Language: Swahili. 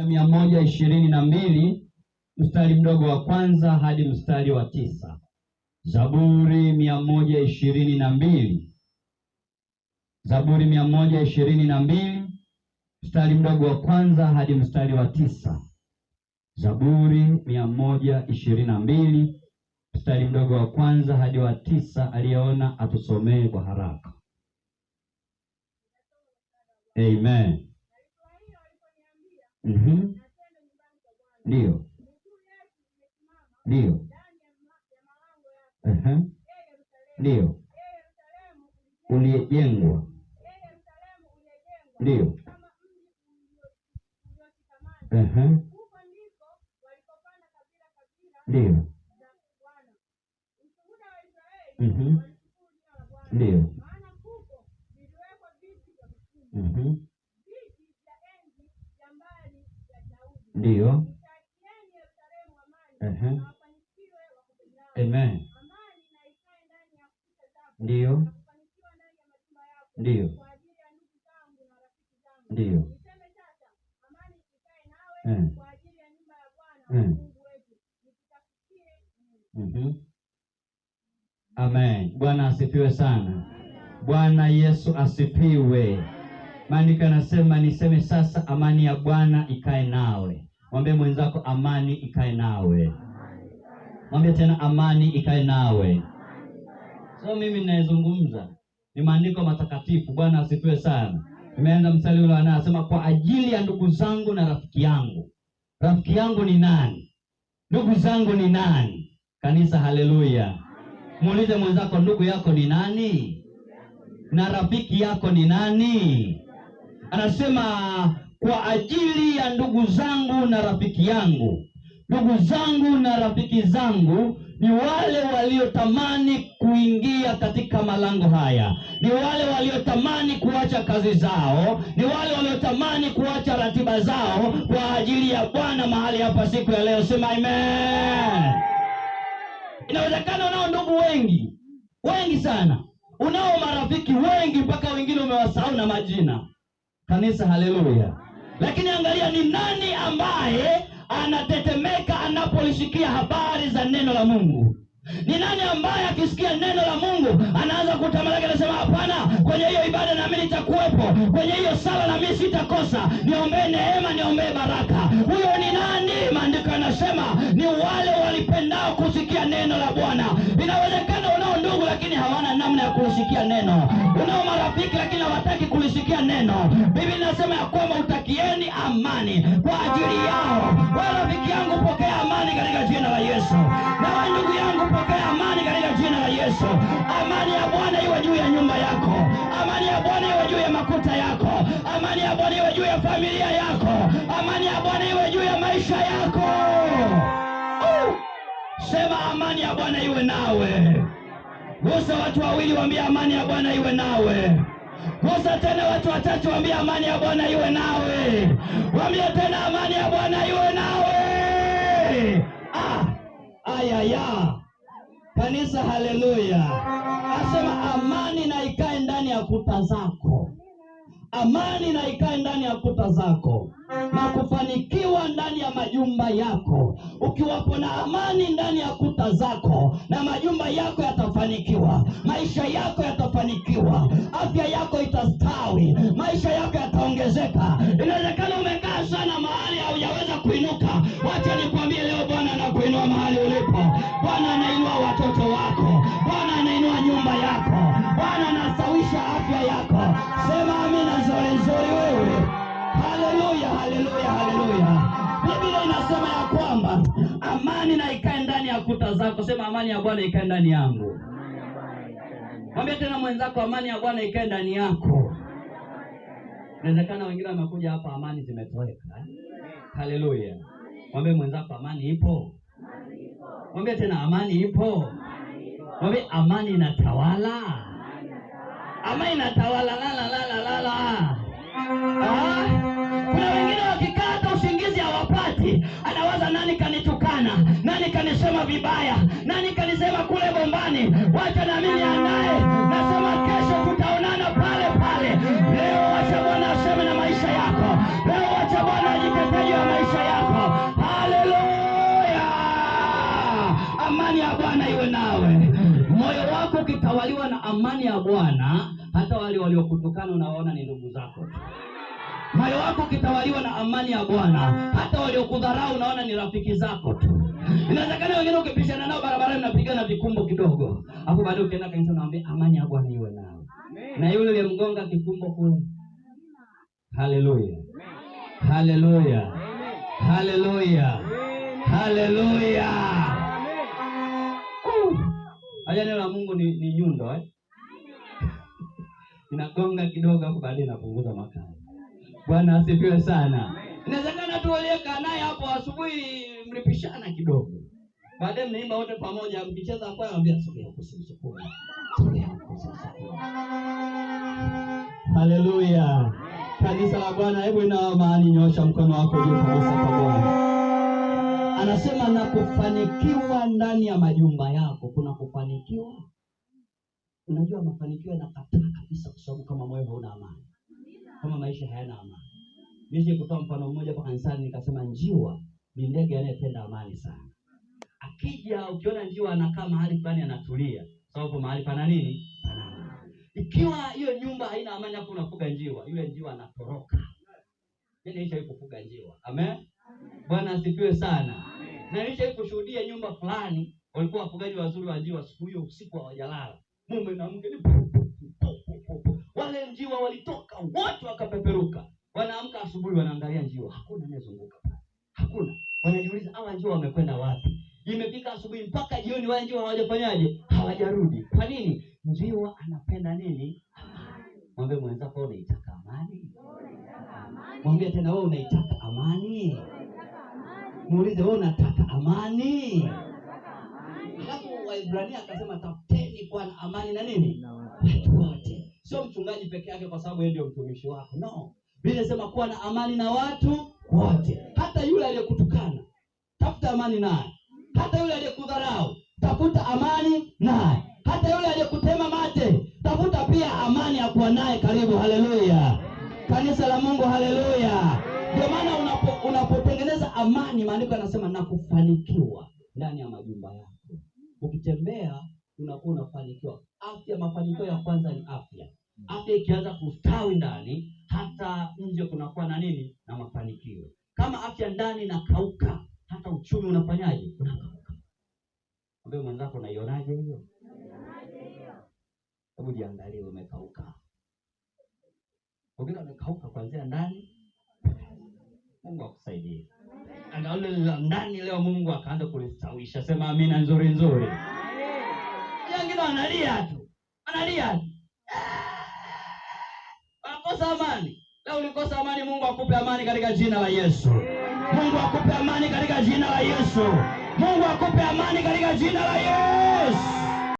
ya mia moja ishirini na mbili mstari mdogo wa kwanza hadi mstari wa tisa. Zaburi mia moja ishirini na mbili Zaburi mia moja ishirini na mbili mstari mdogo wa kwanza hadi mstari wa tisa. Zaburi mia moja ishirini na mbili mstari mdogo wa kwanza hadi wa tisa. Aliyeona atusomee kwa haraka. Amen. Mhm. Ndio, ndio, mhm. Ndio uliyejengwa, ndio mhm. Ndio, ndio -huh. Mhm. Amen. Ndiyo, ndiyo, ndiyo. Mm. Mm. Mhm. Amen. Bwana asifiwe sana. Bwana Yesu asifiwe. Maandiko yanasema niseme sasa, amani ya Bwana ikae nawe. Mwambie mwenzako amani ikae nawe. Mwambie tena amani ikae nawe. So mimi ninayezungumza ni maandiko matakatifu. Bwana asifiwe sana. Nimeanza mstari ule anasema, kwa ajili ya ndugu zangu na rafiki yangu. Rafiki yangu ni nani? Ndugu zangu ni nani? Kanisa, haleluya! Muulize mwenzako, ndugu yako ni nani? Na rafiki yako ni nani? Anasema kwa ajili ya ndugu zangu na rafiki yangu. Ndugu zangu na rafiki zangu ni wale waliotamani kuingia katika malango haya, ni wale waliotamani kuacha kazi zao, ni wale waliotamani kuacha ratiba zao kwa ajili ya Bwana mahali hapa siku ya leo. Sema amen. Inawezekana unao ndugu wengi wengi sana, unao marafiki wengi mpaka wengine umewasahau na majina. Kanisa, haleluya! Lakini angalia ni nani ambaye anatetemeka anapolisikia habari za neno la Mungu. Ni nani ambaye akisikia neno la Mungu anaanza kutamalaki, anasema hapana, kwenye hiyo ibada nami nitakuwepo, kwenye hiyo sala nami sitakosa, niombee neema, niombee baraka. Huyo ni nani? Maandiko yanasema ni wale walipendao kusikia neno la Bwana. Inawezekana unao ndugu lakini hawana namna ya kulisikia neno, unao marafiki lakini hawataki kulisikia neno. bibi inasema ya kwamba utakieni amani kwa ajili yao. Wewe rafiki yangu, pokea amani katika jina la Yesu. nawa ndugu yangu, pokea amani katika jina la Yesu. Amani ya Bwana iwe juu ya nyumba yako, amani ya Bwana iwe juu ya makuta yako, amani ya Bwana iwe juu ya familia yako, amani ya Bwana iwe juu ya maisha yako. Sema amani ya Bwana iwe nawe. Gusa watu wawili, waambie amani ya Bwana iwe nawe. Gusa tena watu watatu, waambie amani ya Bwana iwe nawe. Waambie tena amani ya Bwana iwe nawe. Ah, ayaya ah, kanisa, haleluya! Asema amani na ikae ndani ya kuta zako. Amani na ikae ndani ya kuta zako na kufanikiwa ndani ya majumba yako. Ukiwapo na amani ndani ya kuta zako, na majumba yako yatafanikiwa, maisha yako yatafanikiwa, afya yako itastawi, maisha yako yataongezeka. haleluya, haleluya. Biblia inasema ya kwamba amani na ikae ndani ya kuta zako. Sema amani ya Bwana ikae ndani yangu. Mwambie tena mwenzako, amani ya Bwana ikae ndani yako. Inawezekana wengine wamekuja hapa, amani zimetoweka. Haleluya! Mwambie mwenzako, amani ipo. Mwambie tena, amani ipo. Mwambie amani inatawala, amani inatawala. la la la. Nani kanisema vibaya? Nani kanisema kule Bombani? Wacha na mimi anaye, nasema kesho tutaonana pale pale. Leo wacha Bwana aseme na maisha yako. Leo wacha Bwana ajikataji ya maisha yako. Haleluya! Amani ya Bwana iwe nawe. Moyo wako ukitawaliwa na amani ya Bwana, hata wale waliokutukana unawaona ni ndugu zako. Moyo wako ukitawaliwa na amani ya Bwana, hata waliokudharau unaona ni rafiki zako tu. Inawezekana wengine ukipishana nao barabarani napigana vikumbo kidogo, hapo baadaye ukienda kanisa unaambia amani ya Bwana iwe nao, na yule uliyemgonga kikumbo kule. Haleluya, haleluya, haleluya, haleluya. Haya, neno la Mungu ni, ni nyundo eh? inagonga kidogo, hapo baadaye inapunguza makali Bwana asifiwe sana. Inawezekana tueleka naye hapo asubuhi, mlipishana kidogo, baadaye mnaimba wote pamoja, mkicheza kwaya, mwambia sogea huko, Haleluya! Kanisa la Bwana, hebu inawa maani, nyosha mkono wako juu kabisa kwa Bwana. Anasema na kufanikiwa ndani ya majumba yako, kuna kufanikiwa. Unajua mafanikio yanakataa kabisa, kwa sababu kama moyo hauna amani kama maisha hayana amani. Mimi kutoa mfano mmoja kwa kanisani, nikasema njiwa ni ndege anayependa amani sana. Akija ukiona njiwa anakaa mahali fulani anatulia, sababu mahali pana nini? Pana amani. Ikiwa hiyo nyumba haina amani, hapo unafuga njiwa, yule njiwa anatoroka. Mimi nilishawahi kufuga njiwa. Amen. Bwana asifiwe sana. Amen. Na nilishawahi kushuhudia nyumba fulani walikuwa wafugaji wazuri wa njiwa, siku hiyo usiku hawajalala. Mume na mke ni wale njiwa walitoka wote wakapeperuka, wanaamka asubuhi, wanaangalia njiwa, hakuna anayezunguka pale, hakuna. Wanajiuliza hawa njiwa wamekwenda wapi? Imefika asubuhi mpaka jioni, wale njiwa hawajafanyaje? Hawajarudi. Kwa nini? Njiwa anapenda nini? Mwambie mwenzako unaitaka amani, mwambie tena wewe unaitaka amani, muulize wewe unataka amani. Halafu Waibrania akasema tafuteni kwa amani na nini watu sio mchungaji peke yake, kwa sababu yeye ndio mtumishi wako. No, bila sema kuwa na amani na watu wote, hata yule aliyekutukana tafuta amani naye, hata yule aliyekudharau tafuta amani naye, hata yule aliyekutema mate tafuta pia amani ya kuwa naye karibu. Haleluya, kanisa la Mungu, haleluya. Ndio maana unapo, unapotengeneza amani, maandiko yanasema na kufanikiwa ndani ya majumba yako, ukitembea unakuwa unafanikiwa. Afya, mafanikio ya kwanza ni afya afya ikianza kustawi ndani, hata nje kunakuwa na nini, na mafanikio. Kama afya ndani inakauka, hata uchumi unafanyaje? Unakauka. Ambaye mwenzako unaionaje hiyo? Hebu jiangalie, umekauka. Wengine umekauka kuanzia ndani. Mungu akusaidie. Angalau la ndani leo Mungu akaanza kulistawisha. Sema amina nzuri nzuri. Wengine wanalia tu, analia tu ulikosa amani? Leo ulikosa amani, Mungu akupe amani katika jina la Yesu. Mungu akupe amani katika jina la Yesu. Mungu akupe amani katika jina la Yesu.